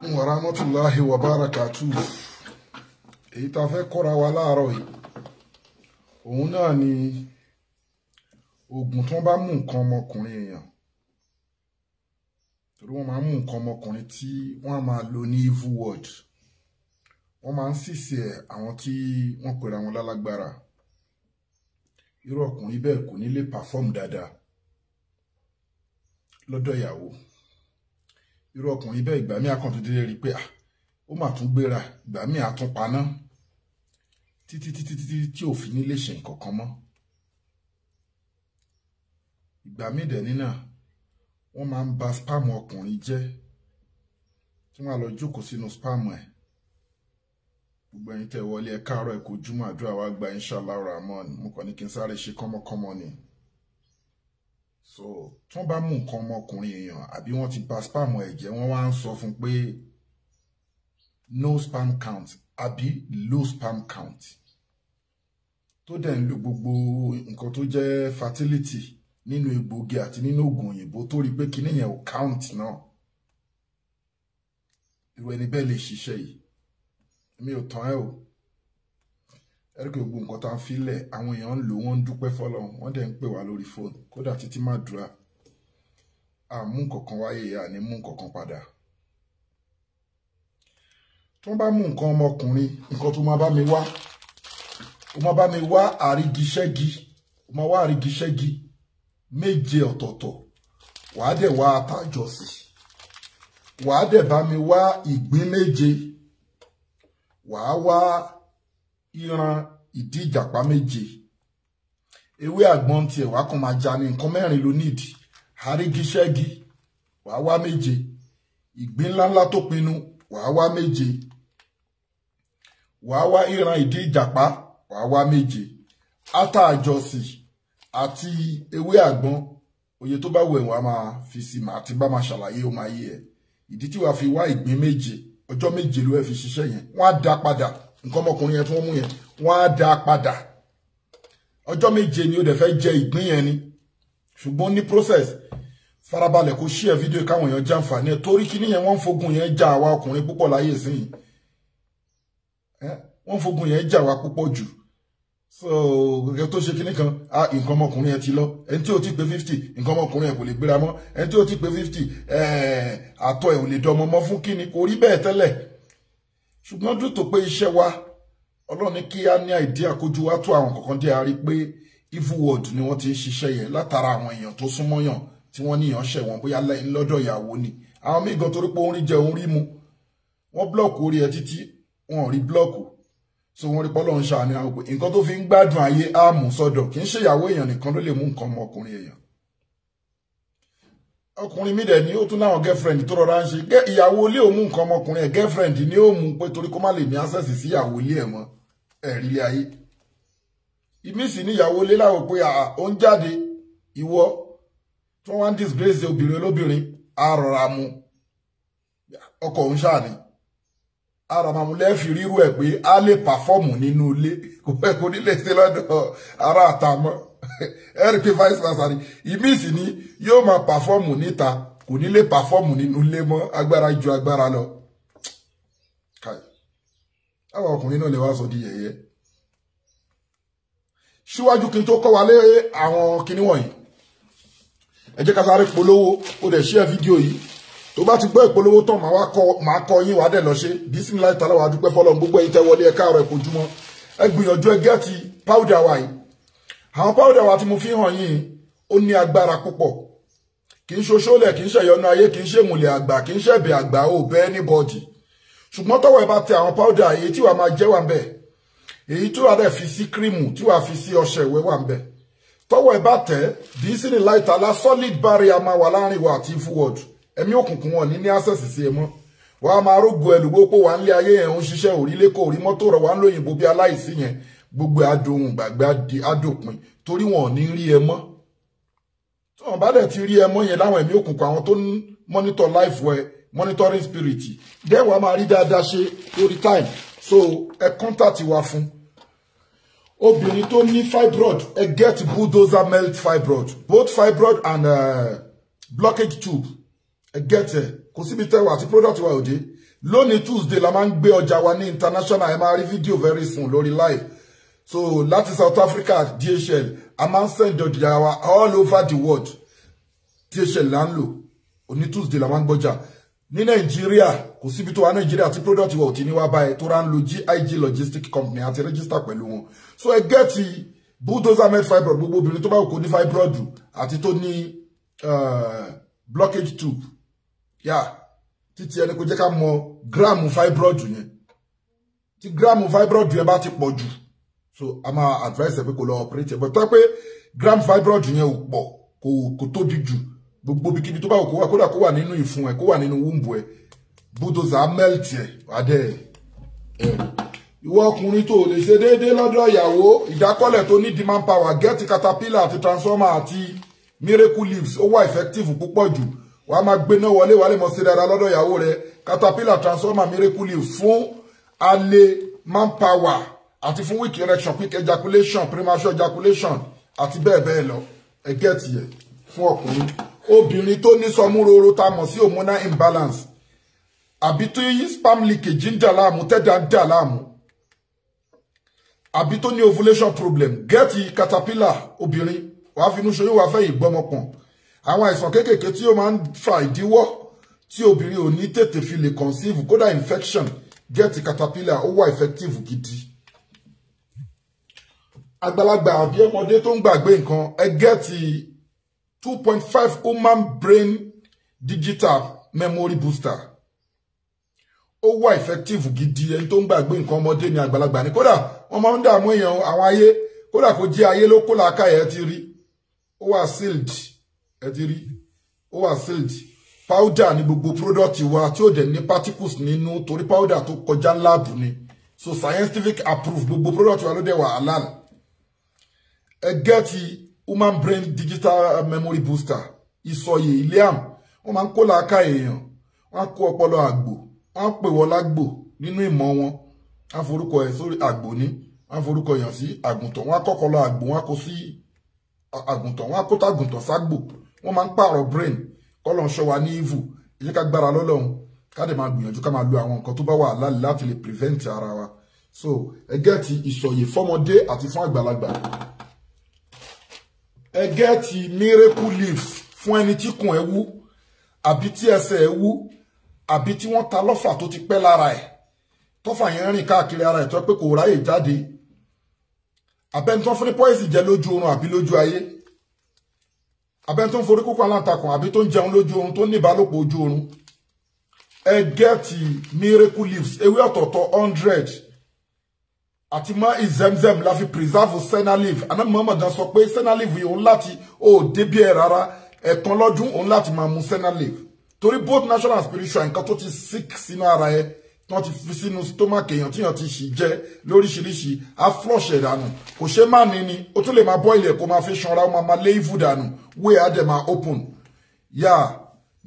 wa rahmatulahi wa barakatu èyí tá a fẹ́ kọ́ra wa láàárọ̀ yìí òun náà ni oògùn tí wọ́n bá mú nǹkan ọmọkùnrin èèyàn torí wọ́n máa ń mú nǹkan ọmọkùnrin tí wọ́n á máa lò ní evil word wọ́n máa ń ṣìṣe àwọn tí wọ́n pera wọn lálágbára irú ọkùnrin bẹ́ẹ̀ kò ní lè perform dáadáa lọ́dọ̀ ìyàwó irú ọkùnrin bẹ́ẹ̀ ìgbà míì akàn tó délé rí i pé ah, ó mà tún gbéra ìgbà míì àtún paná títí títí títí tí ò fi ní lè ṣe nǹkan kan mọ́ ìgbà míì dẹ̀ nínà wọ́n máa ń ba spam ọkùnrin jẹ́ tí wọ́n á lọ jókòó sínú spam ẹ̀ gbogbo ẹ̀yin tẹ́ wọlé ẹ káàárọ̀ ẹ kú ojúmọ́ àdúrà wa gba inshallah rahman mo kàn ní kí n sáré ṣe kọ́mọkọ́mọ ni so tán bá mú nǹkan ọmọkùnrin èèyàn àbí wọ́n ti ba spam ẹ̀jẹ̀ wọ́n wá ń sọ fún pé no spam count àbí low spam count tó dẹ̀ ń lo gbogbo nǹkan tó jẹ́ fertility nínú egbògi àti nínú oògùn òyìnbó tó rí pé kinní yẹn ò count náà irú ẹni bẹ́ẹ̀ lè ṣiṣẹ́ yìí mi ò tán ẹ́ o ẹ̀rọ̀kẹ́ gbogbo nǹkan tá a fi lẹ̀ àwọn èèyàn ń lò wọ́n ń dúpẹ́ fọ́lọ́run wọ́n dẹ̀ ń pè wá lórí fóònù kódà títí má dúra àmú nǹkankan wáyé àní mú nǹkankan padà tó bá mú nǹkan ọmọkùnrin nǹkan tó máa bá mi wá ó máa bá mi wá àrígiṣẹ́gi ó máa wá àrígiṣẹ́gi méje ọ̀tọ̀ọ̀tọ̀ wàá dẹ̀ wá àtàjọsí wàá dẹ̀ bá mi wá ìgbín méje wàá wá. Wa ìran ìdí ìjàpá méje ewé àgbọn ti ẹ̀wá kan máa ja ní nǹkan mẹ́rin ló nídìí àrígiṣẹ́gi wàá wá méje ìgbín ńláńlá tó pinnu wàá wá méje wàá wá ìran ìdí wàá wá méje ata àjọsì àti ewé àgbọn oye tó bá wù ẹ̀wọ̀n a máa fi sí màá ti bá máa ṣàlàyé o máa yé ẹ̀ ìdí tí wàá fi wá ìgbín méje ọjọ́ méje ló ẹ̀ fi ṣiṣẹ́ yẹn wọ́n á dá padà nǹkan ọmọkùnrin yẹn tí wọ́n mú yẹn wọ́n á dá padà ọjọ́ méje ni ó dẹ̀ fẹ́ jẹ ìgbín yẹn ni ṣùgbọ́n ní process farabalẹ̀ kó share fídíò káwọn èèyàn jàǹfààní ẹ̀ torí kíní yẹn wọ́n ń fogun yẹn já àwa ọkùnrin púpọ̀ láyè sìn wọ́n ń fogun yẹn já àwa púpọ̀ jù so gẹ́gẹ́ tó ṣe kíní kan nǹkan ọmọkùnrin ẹ̀ ti lọ ẹni tí ó ti pé fifty nǹkan ọmọkùnrin ẹ̀ kò lè gbéra mọ́ ẹni tí ó ti pé fifty àtọ̀ ẹ̀ ò lè dọmọ mọ́ fún kíní kò rí bẹ́ẹ̀ tẹ́lẹ̀ ṣùgbọ́n dùn tó pé iṣẹ́ wa ọlọ́run ní kí á ní àìdí àkójú wa tó àwọn kọ̀ọ̀kan dé a rí pé evil world ni wọ́n ti ń ṣiṣẹ́ yẹn látara àwọn èèyàn tó súnmọ́ yàn tí wọ́n níyàn ṣẹ̀ wọ́n bóyá lọ́dọ̀ ìyàwó ni àwọn míì gan torí pé orin jẹ orin mu wọ́n blọ́ọ̀kù orí ẹ títí wọn ò rí blọ́ọ̀kù so wọ́n rí pé ọlọ́run ṣàánú àwọn pé nǹkan tó fi ń gbádùn ayé á sọ́dọ̀ kì í ṣèyàwó èèyàn nìkan ló lè mú nǹkan ọmọkùnrin èèyàn ọkùnrin mi dẹ̀ ni ó tún láwọn girlfriend tó rọra ń ṣe ìyàwó ilé òun nǹkan ọmọkùnrin ẹ̀ girlfriend ni ó mú pé torí kó má lè ní access sí ìyàwó ilé ẹ̀ mọ́ ẹ̀rí ilé ayé ìmísì ní ìyàwó ilé láwọn pé ó ń jáde ìwọ tí wọ́n wá ń disgrace obìnrin olóbìnrin á mu ọkọ òun ṣáà ni á rọra mu lẹ́ẹ̀fì rírú ẹ̀ pé á lè pàfọ́ọ̀mù nínú ilé kò pẹ́ kò ní lè ṣe lọ́dọ̀ ara àtàmọ́. ẹ rí pé vice versa ni ìmí sì ni yóò máa pàfọ́ọ̀mù níta kò ní lè pàfọ́ọ̀mù nínú ilé mọ́ agbára ju agbára lọ. àwọn ọkùnrin náà lè wá sọ di yẹ̀yẹ́ síwájú kí n tó kọ́ wa lé àwọn kinní wọ̀nyí ẹ jẹ́ ká sáré polówó ó dẹ̀ share fídíò yìí tó bá ti gbọ́ ìpolówó tán màá kọ yín wàá dẹ̀ lọ ṣe bísí ńlá ìtàláwà dúpẹ́ fọlọ́n gbogbo ẹ̀yin tẹ́ wọlé ẹ káàárọ̀ ẹ kojúmọ́ ẹ gbìyànjú ẹ gẹ́ẹ̀tì powder wa àwọn powder wa tí mo fi hàn yín ó ní agbára púpọ̀ kì í ṣoṣólẹ̀ kì í ṣẹ̀yọnú ayé kì í ṣèmùlẹ̀ àgbà kì í ṣẹ̀bẹ̀ àgbà ò bẹ́ anybody ṣùgbọ́n tọ́wọ́ ẹ bá tẹ àwọn powder èyí tí wàá máa jẹ́ wà ń bẹ̀ èyí tí wàá dẹ̀ fi sí kírìmù tí wàá fi sí ọṣẹ ìwẹ̀ wà ń bẹ̀ tọ́wọ́ ẹ bá tẹ dì í sí ní solid barrier máa wà láàrin ìwà àti fúwọ́dù ẹ̀mí òkùnkùn wọn ní ní access sí ẹ mọ́ wàá máa rógo ẹlùgbó pò wà ń lé ayé yẹn ń ṣiṣẹ́ òrílé kò rí mọ́tò rẹ̀ wà ń lóyìnbó bí aláìsí yẹn gbogbo adohun gbàgbé adòpin torí wọn ò ní rí ẹ mọ́ tí wọn bá dẹ̀ ti rí ẹ mọ́ yẹn láwọn ẹ̀mí òkùnkùn àwọn tó ń monitor life wẹ monitoring spirit dẹ́wọ̀ a máa rí dáadáa ṣe lórí time so ẹ contact wa fún obìnrin tó ní fibroid ẹ get bulldozer melt fibroid both fibroid and uh, blockage tube ẹ get ẹ kò síbi tẹ́wọ̀ àti product wa òde lónìí tuesday la máa ń gbé ọjà wa ní international ẹ máa rí fídíò very soon lórí live so láti South Africa DHL a máa ń send ọjà wa all over the world DHL là ń lò òní Tuesday la máa ń gbọ́jà ní nàìjíríà kò síbi tó wà nàìjíríà tí product wa ò ti ní wá báyìí tó rà ń lo GIG logistic company àti register pẹ̀lú wọn so ẹ gẹ́ẹ̀tì bulldozer med fibroid gbogbo obìnrin tó bá wù kó ní fibroid àti tó ní eh, blockage tube yà títí ẹni kò jẹ́ ká mọ gíráàmù fibroid yẹn tí gíráàmù fibroid yẹn bá ti pọ̀ jù so a ma advice ẹ pé kò lọ operate ẹ bọ́tọ́ pé gram fibroid yẹn ò pọ̀ kò kò tóbi jù gbogbo bikini tó bá wò kó wà kódà kó wà nínú ìfun ẹ kó wà nínú wúmbù ẹ budoza melt ẹ adé ẹ ìwọ ọkùnrin tó lè ṣe déédéé lọ́dọ̀ ìyàwó ìdákọ́lẹ̀ tó ní demand power get caterpillar àti transformer àti miracle leaves ó wà effective ju, jù wàá máa gbéná wọlé wàá lè mọ̀ sí dáadáa lọ́dọ̀ ìyàwó rẹ caterpillar transformer miracle leaves fún alẹ́ manpower àti fún weak erection quick ejaculation premature ejaculation àti bẹ́ẹ̀ bẹ́ẹ̀ lọ ẹ gẹ́ẹ̀tì yẹ fún ọkùnrin obìnrin tó ní sọmúroro tá mọ̀ sí hormonal imbalance àbí tó yí spam leakage ń dà láàmú tẹ́dà ń dà láàmú àbí tó ní ovulation problem gẹ́ẹ̀tì caterpillar obìnrin wàá finú ṣoyún wàá fẹ́ ìgbọ́mọpọ̀n àwọn àìsàn kéékèèké tí ó máa ń fa ìdíwọ́ tí obìnrin ò ní tètè fi lè conceive kódà infection gẹ́ẹ̀tì caterpillar ó wà effective gidi àgbàlagbà àbí ọmọdé tó ń gbàgbé nǹkan ẹ gẹ́ẹ̀tì two point five human brain digital memory booster ó wà effective gidi ẹni tó ń gbàgbé nǹkan ọmọdé ni àgbàlagbà ni kódà wọ́n máa ń dààmú èèyàn àwọn ayé kódà kò jẹ́ ayé ló kó làákàyè ẹ ti rí ó wà sealed ẹ ti rí ó wà sealed powder ni gbogbo product wa tí ó dẹ̀ ní particles nínú torí powder tó kọjá láàbù ni so scientific approved gbogbo product wa ló dẹ̀ wà halal ẹ gẹ́ẹ̀tì human brain digital memory booster ìsọyè iliam wọ́n máa ń kó làákà èèyàn wọ́n á kó ọpọlọ àgbò wọ́n á pè wọ́n lágbò nínú ìmọ̀ wọn wọ́n á forúkọ ẹ̀ sórí àgbò ní wọ́n á forúkọ èèyàn sí àgùntàn wọ́n á kọ́kọ́ lọ àgbò wọ́n á kó sí àgùntàn wọ́n á kó tàgùntàn ságbò wọ́n brain kọ́lọ̀ ń wa ní evil ẹ jẹ́ ká gbára lọ́lọ́run ká dẹ̀ máa gbìyànjú ká máa lo àwọn nǹkan tó bá wà láàlì láti lè prevent ara wa so ẹ gẹ́ẹ̀tì ìsọ̀yè fọ́mọdé àti fún àgbàlagbà ẹ gẹ́ẹ̀tì miracle leaves fún ẹni tí kùn ẹ wú àbí tí ẹsẹ̀ ẹ wú àbí tí wọ́n ta lọ́fà tó ti pẹ́ lára ẹ̀ tọ́fà yẹn rìn káàkiri ara ẹ̀ tó pé kò ráyè jáde abẹ́ni tó ń fún ní pọ́ìsì jẹ lójú oorun àbí lójú ayé abẹ́ni tó ń forí kókó aláǹtakùn àbí tó ń jẹun lójú oorun tó ń ní ìbálòpọ̀ ojú oorun ẹ gẹ́ẹ̀tì miracle leaves ewé ọ̀tọ̀ọ̀tọ̀ hundred àti mọ́ ìzẹ́mzẹ́m la fi preserve senalive anábì muhammad sọ pé senalive yìí òun láti ó débi ẹ̀ rárá ẹ̀kan lọ́dún òun láti máa mu senalive torí both national and spiritual nǹkan tó ti sick sínú ara ẹ tí wọ́n ti fi sínú stomach èèyàn tíyàn ti ṣì jẹ lóríṣiríṣi á flush ẹ̀ dànù kò ṣe má ní ni ó tún lè máa boil ẹ̀ kó máa fi ṣanra ó máa máa lé ìfù dànù wíyà á dẹ̀ máa open yeah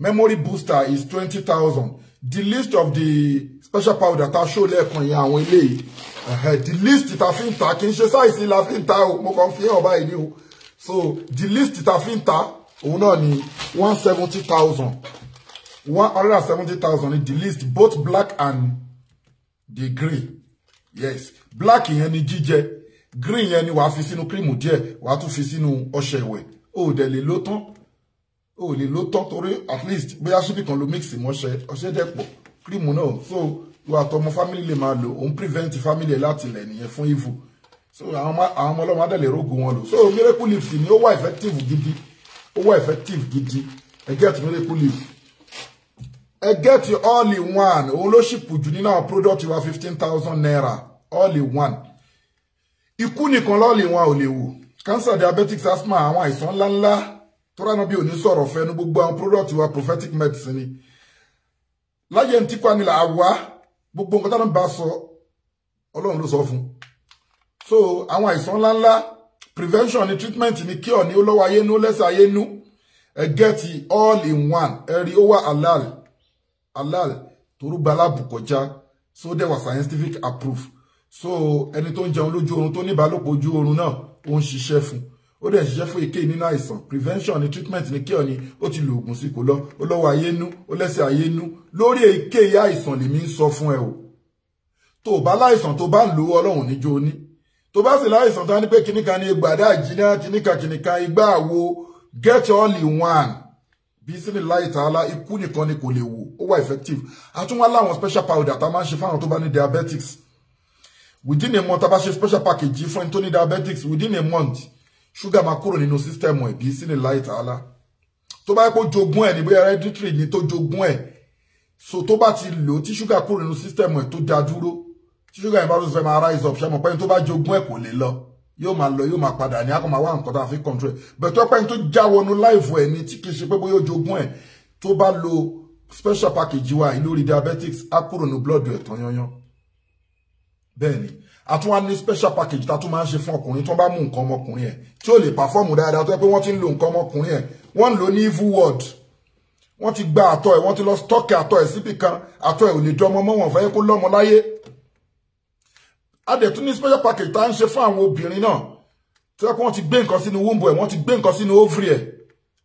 memory booster is twenty thousand the list of the special powder tá a ṣó lẹ́ẹ̀kan yẹn àwọn eléyìí the list ta fi ń ta kì í ṣe sáìsì la fi ń ta o mo kàn fi hàn báyìí ni o so the list ta fi ń ta òun náà ni one seventy thousand one hundred and seventy thousand ni the list both black and the grey yes black yẹn ni jíjẹ green yẹn ni wàá fi sínú kírìmù díẹ̀ wàá tún fi sínú ọṣẹ ìwẹ̀ o ò dẹ̀ lè ló tán o ò lè ló tán torí at least bóyá ṣíbì kan ló mix mọ́ṣẹ ọṣẹ dẹ̀ pọ̀ kírìmù náà so ìwà àtọmọ family lè máa lò òun prevent family ẹ̀ láti lẹ̀ nìyẹn evil so àwọn ọmọ ọlọ́run adẹ̀lẹ̀ rógùn wọn lò so miracle leaf ni ó wà effective gidi ó wà effective gidi ẹ get miracle leaf ẹ get all in one òun ló ṣìpù jù nínú àwọn product wa fifteen naira all in one ikú nìkan lọ́ọ̀lì wọn ò lè wò cancer diabetics asthma àwọn àìsàn ńláńlá tó ránà bí òní sọ̀rọ̀ fẹ́nu gbogbo àwọn product wa prophetic medicine ni láyé ntí kwanilà àwa gbogbo nǹkan tọ́lọ́ bá sọ ọlọ́run ló sọ fún so àwọn àìsàn ńláńlá prevention ni treatment ni cure ni ó lọ́wọ́ ayé nú lẹ́sẹ̀ ayé nú ẹ get all in one ẹ ó wà halal halal torú balábù kọjá so there was scientific approof so ẹni tó ń jẹun lójú oorun tó ní ìbálòpọ̀ ojú oorun náà ó ń ṣiṣẹ́ fún un ó dẹ̀ ṣiṣẹ́ fún èké nínú àìsàn prevention ni treatment ni kí ọ̀ni ó ti lo oògùn sí kò lọ ó lọ́wọ́ ayé nú ó lẹ́sẹ̀ ayé nú lórí èké àìsàn lèmi ń sọ fún ẹ o tó bá láìsàn tó bá ń lo ọlọ́run níjó ní tó bá sì láìsàn tó á ní pé kìnnìkan ni gbàdá àjínà kìnnìkan kìnnìkan igbá àwo get only one bísíní láì tààlà ikú nìkan ni kò lè wò ó wà effective àtúnwá láwọn special powder tá a máa ń ṣe fáwọn tó bá ní diabetics within a month tá a bá ṣe special package fún ẹni tó ní diabetics within a month ṣúgà máa kúrò nínú sísítẹ̀mù ẹ̀ bí sílẹ̀ láì tààlà tó bá yẹ kó jogún ẹ̀ ní bóyá hereditary ni tó jogún ẹ̀ so tó bá ti lò tí ṣúgà kúrò nínú sísítẹ̀mù ẹ̀ tó da dúró tí ṣúgà yẹn bá tún fẹ́ máa rise up ṣẹ́mọ̀ pẹ́ni tó bá jogún ẹ̀ kò lè lọ yóò máa lọ yóò máa padà ní akọ̀mọ̀ wá nǹkan tá a fi control ẹ̀ bẹ̀tọ́ pẹ́ni tó já wọnú láìfù ẹ̀ ni tí kì í ṣe pé bóyá ó jogún ẹ̀ tó bá lo special package wa ìlú rí diabetics á kúrò nínú blood ẹ̀ tán yanyan bẹ́ẹ̀ni a tún wá ní special package ta tún máa ń ṣe fún ọkùnrin tó bá mú nǹkan ọmọkùnrin ẹ̀ tí ó lè pàfọ́ọ̀mù dáadáa tó yẹ pé wọ́n ti ń lo nǹkan ọmọkùnrin ẹ̀ wọ́n ń lo ní evil word wọ́n ti gba àtọ̀ ẹ̀ wọ́n ti lọ stọ́ọ̀kì àtọ̀ ẹ̀ síbì kan àtọ̀ ẹ̀ ò lè dọ́mọ mọ́ wọn fẹ́ kó lọ́mọ láyé a dẹ̀ tún ní special package ta ń ṣe fún àwọn obìnrin náà tí wọ́n ti gbé nǹkan sínú wombo ẹ̀ wọ́n ti gbé nǹkan sínú ovary ẹ̀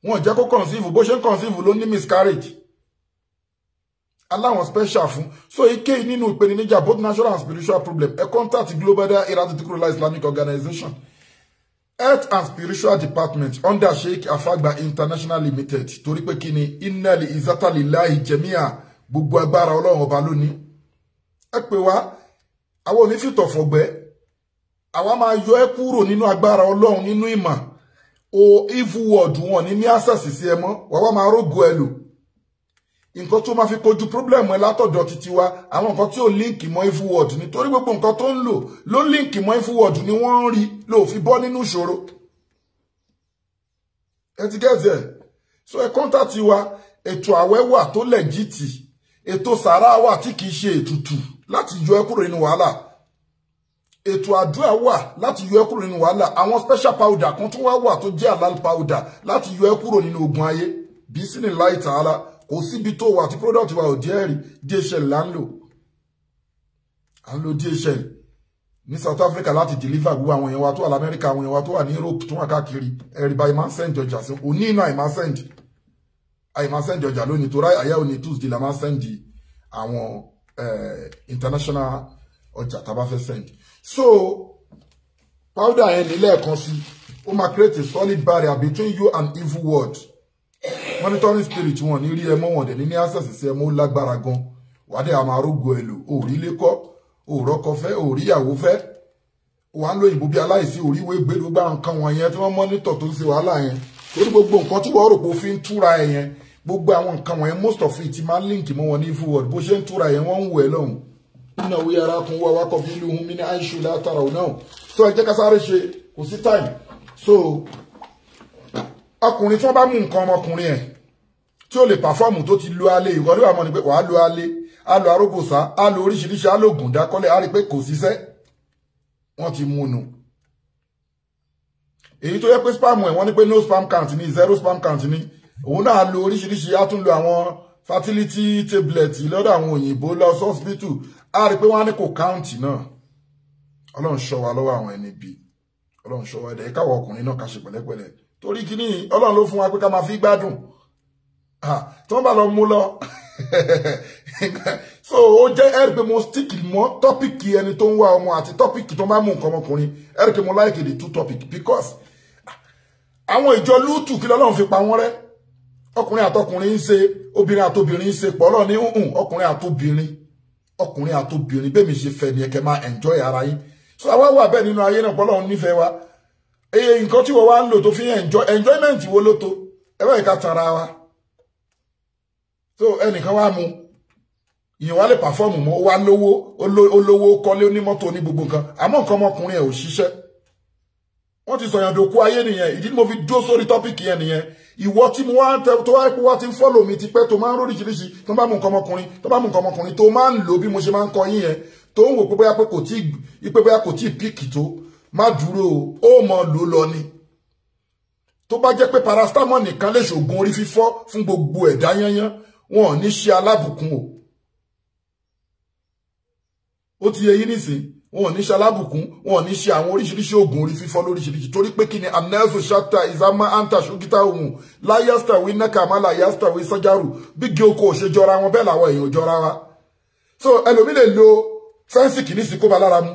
wọ́n jẹ́ kó conceive bó ṣe ń conceive ló ní miscarriage aláwọn special fún so èké nínú ìpèníjà both national and spiritual problem ẹ contact global dahiratu dhikrlahi islamic organization health and spiritual department under sheikh afagba international limited torí pé kí ni inali izatali Lai jẹmíà gbogbo agbára ọlọ́run ọba lónìí ẹ pè wá àwọn onífìtọ̀ fọ̀gbẹ́ àwa máa yọ ẹ kúrò nínú agbára ọlọ́run nínú ìmọ̀ o evil word wọn ní ní access sí ẹ mọ́ wàá wá máa rógo ẹ lò nǹkan tó máa fi kojú problem ẹ látọ̀dọ̀ títí wa àwọn nǹkan tí ò líǹkì mọ́ evil word nítorí gbogbo nǹkan tó ń lò ló líǹkì mọ́ evil word ni wọ́n ń rí ló fi bọ́ nínú ìṣòro ẹ ti gẹ́ẹ̀sì ẹ̀ so ẹ kọ́ńtà ti wa ètò àwẹ̀ wà tó lẹ́jìtì ètò sàárà wà tí kìí ṣe ètùtù láti yọ ẹ kúrò nínú wàhálà ètò àdúrà wà láti yọ ẹ kúrò nínú wàhálà àwọn special powder kan tún wá wà tó jẹ́ àlàl powder láti yọ ẹ kúrò nínú ogun ayé bí sínú láì tààlà kò síbi tó wà tí product wa ò jẹ́ ẹ̀rí DHL là ń lò à ń lo DHL ní South Africa láti deliver gbogbo àwọn èèyàn wa tó wà lamẹ́ríkà àwọn èèyàn wa tó wà ní Europe tó wà káàkiri ẹ̀rí báyìí máa ń send ọjà sí òní iná àìmá send àìmá send ọjà lónìí torí àyà òní Tuesday la máa send àwọn international ọjà tá a bá fẹ́ send so powder yẹn nílẹ̀ kan sí ó máa create a solid barrier between you and evil world monitoring spirit wọn ní rí ẹmọ wọn dẹ̀ ní ní access sí ẹmọ ó lágbára gan wà á dẹ̀ àmọ́ arógo ẹ̀ lò òrí lé kọ́ òrọ́kọ fẹ́ òrí ìyàwó fẹ́ wà á lo òyìnbó bí aláìsí òríwé gbèrú gbà nǹkan wọn yẹn tí wọ́n mọ́nítọ̀ tó ń ṣe wàhálà yẹn torí gbogbo nǹkan tí wọ́n rò pé ó fi ń túra ẹ̀ yẹn gbogbo àwọn nǹkan wọ̀nyẹn most of it máa ń link mọ́ wọn ní forward bó ṣe ń túra yẹn wọ́n ń wẹ̀ lọ́hùn nínú òwe ara kan wá wákọ̀ bí ilé ohun mi ní àìṣù látara òun náà so ẹ jẹ́ ká sáré ṣe kò sí time so ọkùnrin tí wọ́n bá mú nǹkan ọmọkùnrin ẹ̀ tí ó lè pàfọ́ọ̀mù tó ti lu alẹ́ ìwọ ló wà mọ́ ni pé wàá lu alẹ́ á lu arógbòsá á lu oríṣiríṣi á lògùn dákọ́lẹ̀ á rí pé kò ṣiṣẹ́ wọ́n ti mú nu èyí tó yẹ pé spam ẹ̀ wọ́n ní pé no spam count ni zero spam count ni òun náà lu oríṣiríṣi á tún lu àwọn fertility tablet lọ́dọ̀ àwọn òyìnbó lọ sọ́sibítù á rí pé wọ́n á ní kò count náà ọlọ́run ṣọ́ wa lọ́wọ́ àwọn ẹni bíi ọlọ́run ṣọ́ wa ẹ̀dẹ̀ káwọ ọkùnrin náà ká ṣe pẹ̀lẹ́pẹ̀lẹ́ torí kíní ọlọ́run ló fún wa pé ká máa fi gbádùn Ah, tí wọ́n bá lọ mú lọ so ó jẹ́ ẹ̀rí pé mo stick mọ́ tọ́pìkì ẹni tó ń wá ọmọ àti tọ́pìkì tó bá mú nǹkan ọmọkùnrin ẹ̀rí pé mo like the two topics because àwọn ìjọ lútù kí lọ́lọ́run fi pa wọ́n rẹ́ ọkùnrin àtọkùnrin ń ṣe obìnrin àtobìnrin ń ṣe pọ̀lọ́ ní hùn ọkùnrin àtobìnrin ọkùnrin àtobìnrin bẹ́ẹ̀ mi ṣe fẹ́ ni ẹ̀kẹ́ máa enjoy ara yín so àwa wà bẹ́ẹ̀ nínú ayé náà pọ̀lọ́ nífẹ̀ẹ́ wa èyí nǹkan tí wọ́n wá ń lò tó fi enjoy enjoyment wo ló to ẹ bá yìí ká tara wa so ẹnìkan wá mu ìyẹn wá lè pàfọ́ọ̀mù mọ́ ó lówó olówó kọ́lé onímọ́tò ní gbogbo nǹkan àmọ́ nǹkan ọmọkùnrin ẹ̀ ò ṣiṣẹ́ wọ́n ti sọ̀yàn dòkú ayé nìyẹn ìdí ni mo fi dó sórí tọ́pìkì yẹn nìyẹn ìwọ tí mo wá ń tẹ tó wá pé wá ti ń fọ́lò mi ti pẹ́ tó máa ń róríṣiríṣi tó bá mú nǹkan ọmọkùnrin tó bá mú nǹkan ọmọkùnrin tó máa ń lò bí mo ṣe máa ń kọ yín yẹn tó ń wò pé bóyá pé kò tí ì pé bóyá kò tí ì píìkì tó má dúró o ó mọ lò lọ ni tó bá jẹ́ pé paracetamol nìkan lè ṣògùn orí fífọ́ fún gbogbo ẹ̀dá yányán wọn ní ṣe alábùkún o ó ti yẹ yín nísìn wọn ò ní ṣe alábùkún wọn ò ní ṣe àwọn oríṣiríṣi oògùn orí fífọ́ lóríṣiríṣi torí pé kí ni anelso shata izama anta ṣúgítà ohun láyásítà wí nàkàmá láyásítà wí sọjárù bí gé oko òṣè jọra wọn bẹ́ẹ̀ làwọn èèyàn jọra wa so ẹlòmíì lè lo fẹ́ǹsì kìíní sí kó ba lára mu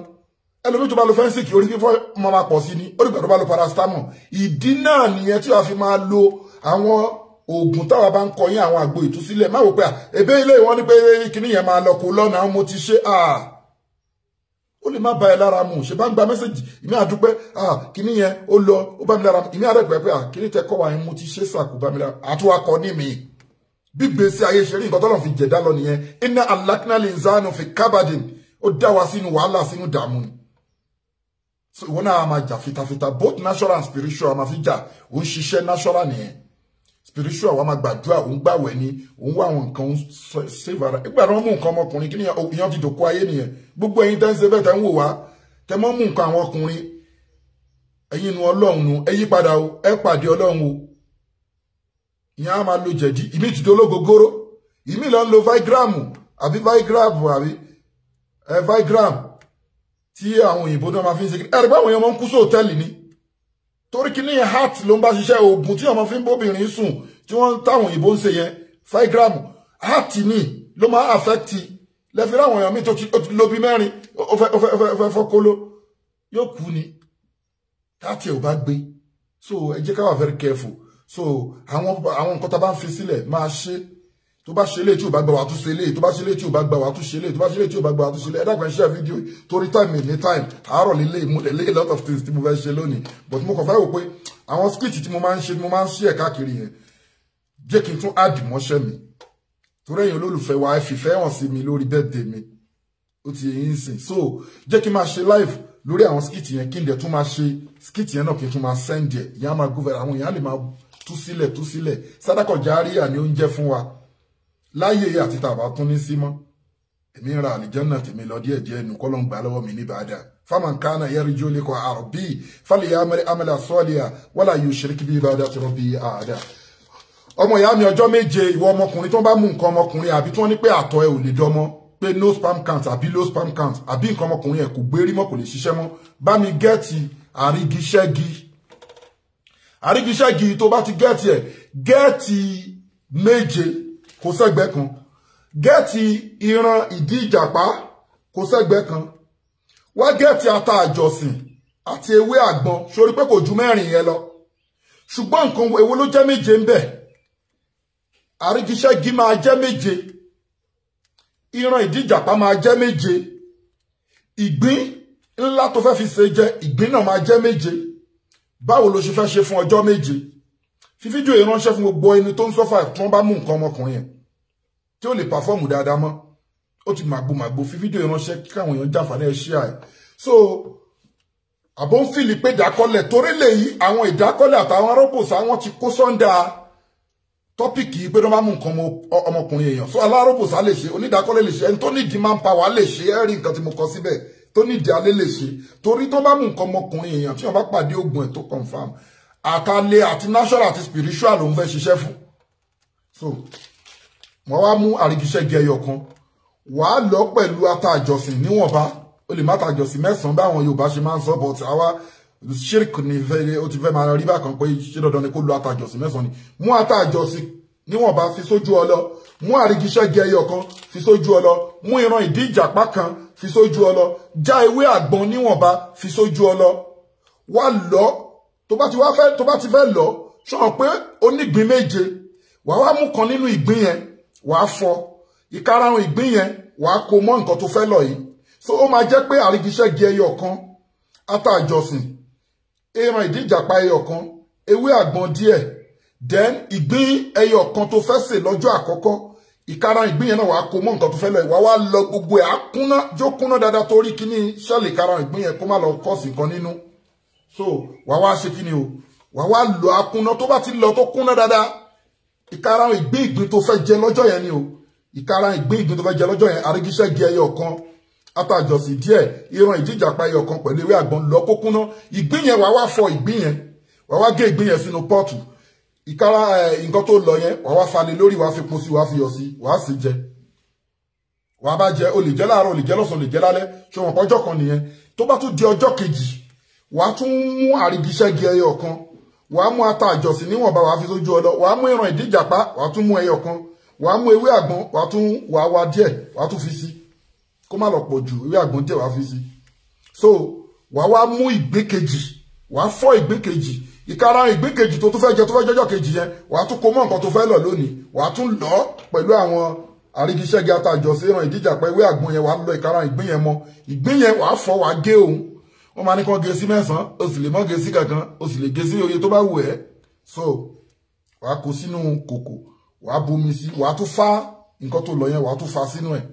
ẹlòmíì tó bá lo fẹ́ǹsì kìí orí fífọ́ máa pọ̀ sí ni ó dìgbà tó bá lo paracetamol ìdí náà nìyẹn tí wàá fi máa lo àwọn oògùn táwa bá ń kọ yín àwọn àgbo ìtúsílẹ̀ má wò pé à ebe ilé ìwọ́n ní pé kíní yẹn máa lọ kó lọ́nà mo ti ṣe à ó lè má ba ẹ lára mu ṣe bá ń gba mẹ́sẹ̀gì ìmí àdúpẹ́ à kíní yẹn ó lọ ó bá mi lára mu ìmí àdẹ́gbẹ́ pé à kíní tẹ kọ́ wa yẹn mo ti ṣe sàkó bá mi lára àtúwà kọ́ ní mi gbígbèsè ayé ṣeré nǹkan tọ́lọ̀ fi jẹ̀dá lọ nìyẹn iná alákínálì nzánu fi kábàdìn ó dá wa sínú wàhálà sínú dààmú ni so ìwọ náà a máa jà fitafita both natural and spiritual a máa fi jà ó ń ṣiṣẹ́ natural nìyẹn spiritual wa máa gbàdúrà òun gbàwẹ̀ ni òun wá àwọn nǹkan save ara ìgbà tó ń mú nǹkan ọmọkùnrin kí ni ìyàn ti dòkó ayé nìyẹn gbogbo ẹ̀yin tẹ́ ń ṣe bẹ́ẹ̀ tẹ́ ń wò wá tẹ́ mọ́ mú nǹkan àwọn ọkùnrin ẹ̀yin nu ọlọ́run nu ẹ yí padà o ẹ pàdé ọlọ́run o ìyẹn á lo jẹ̀dí ìmí ti dológogoro ìmí lọ ń lo vigram àbí vigram àbí ẹ vigram tí àwọn òyìnbó náà máa fi ń ṣe kí ẹ̀rọ báwọn èèyàn máa ń kú sóòtẹ́ẹ̀lì ni torí kí ní heart ló ń bá ṣiṣẹ́ oògùn tí ọmọ fi ń bóbìnrin sùn tí wọ́n táwọn òyìnbó ń ṣe yẹn five gram heart ni ló máa affect lẹ́fi ráwọn èèyàn mi tó ti lo bí mẹ́rin ó fẹ́ fọ́kóló yóò kú ni káàtì ẹ̀ ò bá gbé so ẹ jẹ́ ká very careful so àwọn nǹkan tá a bá ń fi sílẹ̀ máa ṣe tó bá ṣe lé tí ò bá gbà wá tún ṣe lé tó bá ṣe lé tí ò bá gbà wá tún ṣe lé tó bá ṣe lé tí ò bá gbà wá tún ṣe lé ẹ dàgbà iṣẹ́ fídíò torí time mi ní time àárọ̀ lílé ìmúlẹ̀ lé lot of things tí mo fẹ́ ṣe lónìí but mo kàn fẹ́ wò pé àwọn skit tí mo máa ń ṣe mo máa ń ṣí ẹ̀ káàkiri yẹn jẹ́ kí n tún add mọ́ṣẹ́ mi torí ẹ̀yin olólùfẹ́ wa ẹ fìfẹ́ hàn sí mi lórí birthday mi ó ti yẹn sìn so jẹ́ kí n máa ṣe live lórí àwọn skit yẹn kí n dẹ̀ tún máa ṣe skit yẹn náà kí n tún máa send ẹ̀ ìyá máa gúnfẹ̀ àwọn èèyàn lè máa tú sílẹ̀ tú sílẹ̀ sádàkọ̀ járíà ni ó ń jẹ́ fún wa láyé àti tàbá tún ní símọ́ èmi ra àlìjánà tèmi lọ díẹ̀ díẹ̀ nù kọ́lọ́n gbà lọ́wọ́ mi níbàdà faman kana yarju liqa rabbi falya'mal amala salihan wala yushrik bi ibadati rabbi ahada ọmọ ìyá mi ọjọ́ méje ìwọ ọmọkùnrin tó bá mú nǹkan ọmọkùnrin àbí tí wọ́n ní pé àtọ̀ ẹ ò lè dọmọ pé no spam count àbí low spam count àbí nǹkan ọmọkùnrin ẹ kò gbérí mọ́ kò lè ṣiṣẹ́ mọ́ bá mi gẹ́ẹ̀tì àrígiṣẹ́gi àrígiṣẹ́gi tó bá ti gẹ́ẹ̀tì ẹ̀ gẹ́ẹ̀tì méje kò sẹ́gbẹ́ kan gẹ́ẹ̀tì ìran ìdí ìjàpá kò sẹ́gbẹ́ kan wá gẹ́ẹ̀tì ata àjọsìn àti ewé àgbọn sórí pé kò ju mẹ́rin yẹn lọ ṣùgbọ́n nǹkan èwo ló jẹ́ méje ń bẹ̀ àrígiṣẹ́gi máa jẹ́ méje ìran ìdí ìjàpá máa jẹ́ méje ìgbín ńlá tó fẹ́ fi ṣe jẹ ìgbín náà máa jẹ́ méje báwo ló ṣe fẹ́ ṣe fún ọjọ́ méje fi fídíò yìí ránṣẹ́ fún gbogbo ẹni tó ń sọ́fà tí wọ́n bá mú nǹkan ọmọkùnrin yẹn tí ó lè pàfọ́ọ̀mù dáadáa mọ́ ó ti màgbo màgbo fi fídíò yìí ránṣẹ́ káwọn èèyàn jàǹfààní ẹ̀ ṣíà ẹ̀ so àbó ń fìlì pé ìdákọ́lẹ̀ torí lè yí àwọn ìdákọ́lẹ̀ àtàwọn arógbòsà wọn ti kó sọ́ńdà tọ́pìkì pé wọ́n bá mú nǹkan ọmọkùnrin èèyàn so alárógbòsà lè ṣe onídàákọ́lẹ̀ lè ṣe ẹni tó nídìí máa ń pa wà lè ṣe ẹ̀rí nǹkan tí mo kọ síbẹ̀ tó nídìí alẹ́ lè ṣe torí tó bá mú nǹkan ọmọkùnrin èèyàn tí wọ́n bá pàdé ogun ẹ̀ tó confam àtàlẹ́ àti national àti spiritual lòun fẹ́ ṣiṣẹ́ fún so wọ́n wá mú àrígiṣẹ́ gẹyọ kan wàá lọ pẹ̀lú ata àjọsìn níwọ̀nba ó lè má ta àjọsìn mẹ́sàn-án báwọn yorùbá ṣe máa ń sọ bọ̀tì àwa shirk ni ó ti fẹ́ máa rí bákan pé ṣé dandan ni kó lo ata àjọsìn mẹ́sàn-án ni mú ata àjọsìn níwọ̀nba fi sójú ọlọ mú àrígiṣẹ́ gẹyọ kan fi sójú ọlọ mú ìran ìdí ìjàpá kan fi sójú ọlọ já ewé àgbọn níwọ̀nba fi sójú ọlọ wá lọ tó bá ti wá fẹ́ tó bá ti fẹ́ lọ ṣọ̀hàn pé onígbín méje wà wá mú kan nínú ìgbín yẹn wà á fọ ìkarahun ìgbín yẹn wà á kó mọ́ nǹkan tó fẹ́ lọ yìí so ó máa jẹ́ pé àrígiṣẹ́gi ẹyọ kan ata àjọsìn ẹran ìdíjàpá ẹyọ kan ewé àgbọn díẹ̀ then ìgbín ẹyọ kan tó fẹ́ sè lọ́jọ́ àkọ́kọ́ ìkarahun ìgbín yẹn náà wà á kó mọ́ nǹkan tó fẹ́ lọ yìí wà wá lọ gbogbo ẹ̀ á kúnná jó kúnná dáadáa torí kíní ṣẹ́ẹ̀lì ìkarahun ìgbín yẹn kó má lọ kọ́ọ̀sì kan nínú so wà wá ṣe kí ni o wà wá lọ akúnná tó bá ti lọ tó kúnná dáadáa ìkarahun ìgbé ìgbín tó fẹ́ jẹ lọ́jọ́ yẹn ni o ìkarahun ìgbé ìgbín tó fẹ́ jẹ lọ́jọ́ yẹn arígíṣẹ́ gé ẹyọ kan atajọsí díẹ̀ ìran ìjíjàpá ẹyọ kan pẹ̀lú ewé àgbọn lọ kó kúnná ìgbín yẹn wà wá fọ ìgbín yẹn wà wá gé ìgbín yẹn sínú pọ́ọ̀tù ìkárá nǹkan tó lọ yẹn wà wá fani lórí wà fi pun sí wà fi yọ sí wà sì jẹ wà bá jẹ o lè jẹ láàárọ̀ o lè jẹ lọ́sàn o lè jẹ lálẹ́ ṣùgbọ́n kan nìyẹn tó bá tún di ọjọ́ kejì wàá tún mú àrígiṣẹ́gi ẹyọ kan wàá mú ata àjọsìn níwọ̀nba wàá fi sójú ọlọ wàá mú ìran ìdíjàpá wàá tún mú ẹyọ kan wàá mú ewé àgbọn wàá tún wàá wá díẹ̀ wàá tún fi sí kó má lọ pọ̀ jù ewé àgbọn díẹ̀ wàá fi sí so wàá wá mú ìgbékejì wàá fọ́ ìgbékejì ìkarahun ìgbékejì tó tún fẹ́ jẹ tó fẹ́ jọjọ́ kejì yẹn wàá tún kó mọ́ nǹkan tó fẹ́ lọ lónìí wàá tún lọ pẹ̀lú àwọn àrígiṣẹ́gi ata ìran ìdíjàpá ewé àgbọn yẹn wàá lọ ìkarahun ìgbín yẹn mọ́ ìgbín yẹn wàá fọ́ wàá gé òun wọ́n máa ní kọ́ gé mẹ́sàn-án o sì lè mọ́ gé kankan o sì lè gé oye tó bá wù ẹ́ so wàá kó sínú kòkò wàá bomi sí wàá tún fá nǹkan tó lọ yẹn wàá tún fá sínú ẹ̀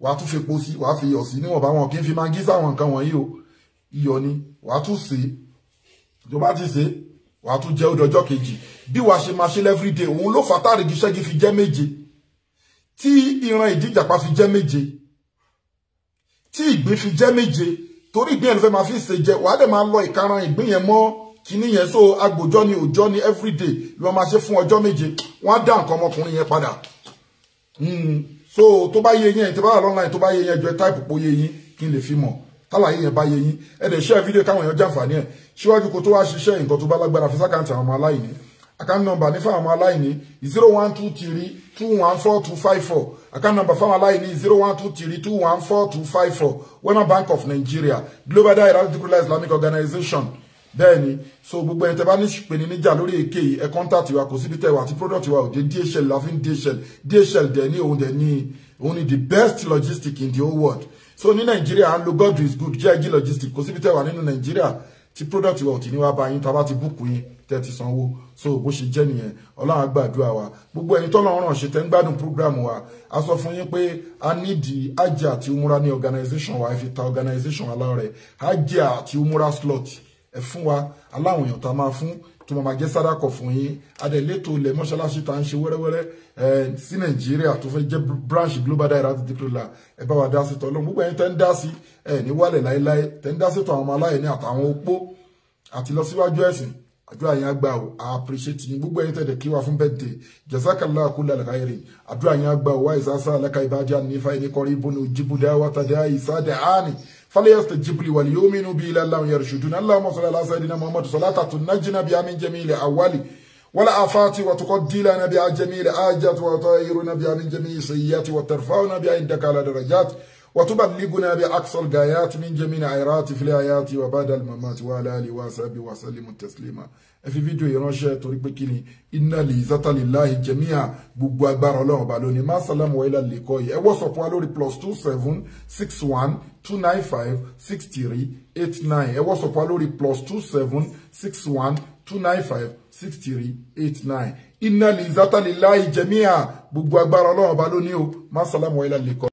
wàá tún fepo sí wàá fi iyọ̀ sí níwọ̀nba wọn kì í fi mangi sáwọn nǹkan wọ̀nyí o iyọ̀ ni wàá tún sè é tó bá ti sè é wàá tún jẹ́ ọdọọjọ́ kejì bí wàá ṣe máa ṣe lẹ́fírídé òun ló fà táàrí torí ìgbín yẹn ló fẹ́ máa fi ṣe jẹ wàá dẹ̀ máa lọ ìkarahun ìgbín yẹn mọ́ kíní yẹn so agbòjọ́ ni òjọ́ ni everyday ló máa ṣe fún ọjọ́ méje wọ́n á dá nǹkan ọmọkùnrin yẹn padà hmm. so tó bá yé yẹn ìtẹ́bá lọ́nà tó bá yé yẹn jọ táìpù pò yé yín kí n lè fi mọ̀ tálàyé yẹn bá yé yín ẹ̀ dẹ̀ share fídíò káwọn èèyàn jàǹfààní ẹ̀ síwájú kó tó wá ṣiṣẹ́ nǹkan tó bá lágbára fi sákàǹtì àwọn ọmọ aláìní account number ní fáwọn aláìní zero one two three two one four two five four account number fáwọn aláìní zero one two three two one four two five four Wema Bank of Nigeria Global Dahiratu Dhikrlahi Islamic Organization bẹ́ẹ̀ni so gbogbo ẹni tẹ́ bá ní ìpèní níjà lórí èké yìí ẹ kọ́ńtàtì wa kò síbi tẹ́ wa àti product wa òde DHL la fi ń DHL DHL dẹ̀ ní òun dẹ̀ ní òun the best logistic in the whole world so ní Nigeria, à ń lo God is good GIG logistic kò síbi tẹ́ wa nínú Nàìjíríà tí product wa ò ti ní wá bá yín tá a bá ti búùkù yín tẹ́ ti sanwó so bó ṣe jẹ́ nìyẹn ọlọ́run á gbàdúrà wa gbogbo ẹ̀yin tọ́lọ́run ràn ṣe tẹ́ ń gbádùn program wa a sọ fún yín pé a nídìí ajé àti umura ní organization wa ẹ fi ta organization wa lọ́rẹ̀ ajé umura slot ẹ fún wa aláwọn èèyàn tá a máa fún tí mo máa jẹ́ sáràkọ̀ fún yín adẹ̀létò ilẹ̀ mọ́ṣáláṣí tá ń ṣe wẹ́rẹ́wẹ́rẹ́ sí nàìjíríà tó fẹ́ jẹ́ branch global Dahiratu Dhikrlahi ẹ bá wa dá sí tọ́lọ́ gbogbo ẹ̀yin tẹ́ ń dá sí ẹ̀ ní wálẹ̀ láéláé tẹ́ ń dá sí tọ́ àwọn ọmọ aláìní àtàwọn opó àti lọ síwájú ẹ̀sìn àdúrà yẹn àgbà o i appreciate yín gbogbo ẹ̀yin tẹ̀dẹ̀ kí wa fún birthday jazakallah kulla alkhairi àdúrà yẹn àgbà o wa ìsásá alákàìbájá nífa ẹni kọrí ibùnú jìbùdá wàtàdá ìsádẹ áàní فليستجب لي وليؤمنوا بي لعلهم يرشدون اللهم صل على سيدنا محمد صلاة تنجنا بها من جميع أولي ولا وتقضي لنا بها جميع آجات وتطهرنا بها من جميل سيئات وترفعنا بها عندك على درجات وتبلغنا بأقصى الغايات من جميع عيرات في الآيات وبعد الممات وعلى آله وصحبه وسلم تسليما ẹ fi fídíò yìí ránṣẹ́ torí pé kí ni inna li zata lillahi jami'a gbogbo agbára ọlọ́run ọba lónìí má sálámù wáyé lálẹ́kọ́ yìí ẹ wọ́sọ̀ fún wa lórí plus two seven six one two nine five six three eight nine ẹ wọ́sọ̀ fún wa lórí plus two seven six one two nine five six three eight nine inna li zata lillahi jami'a gbogbo agbára ọlọ́run ọba lónìí o má sálámù wáyé lálẹ́kọ́.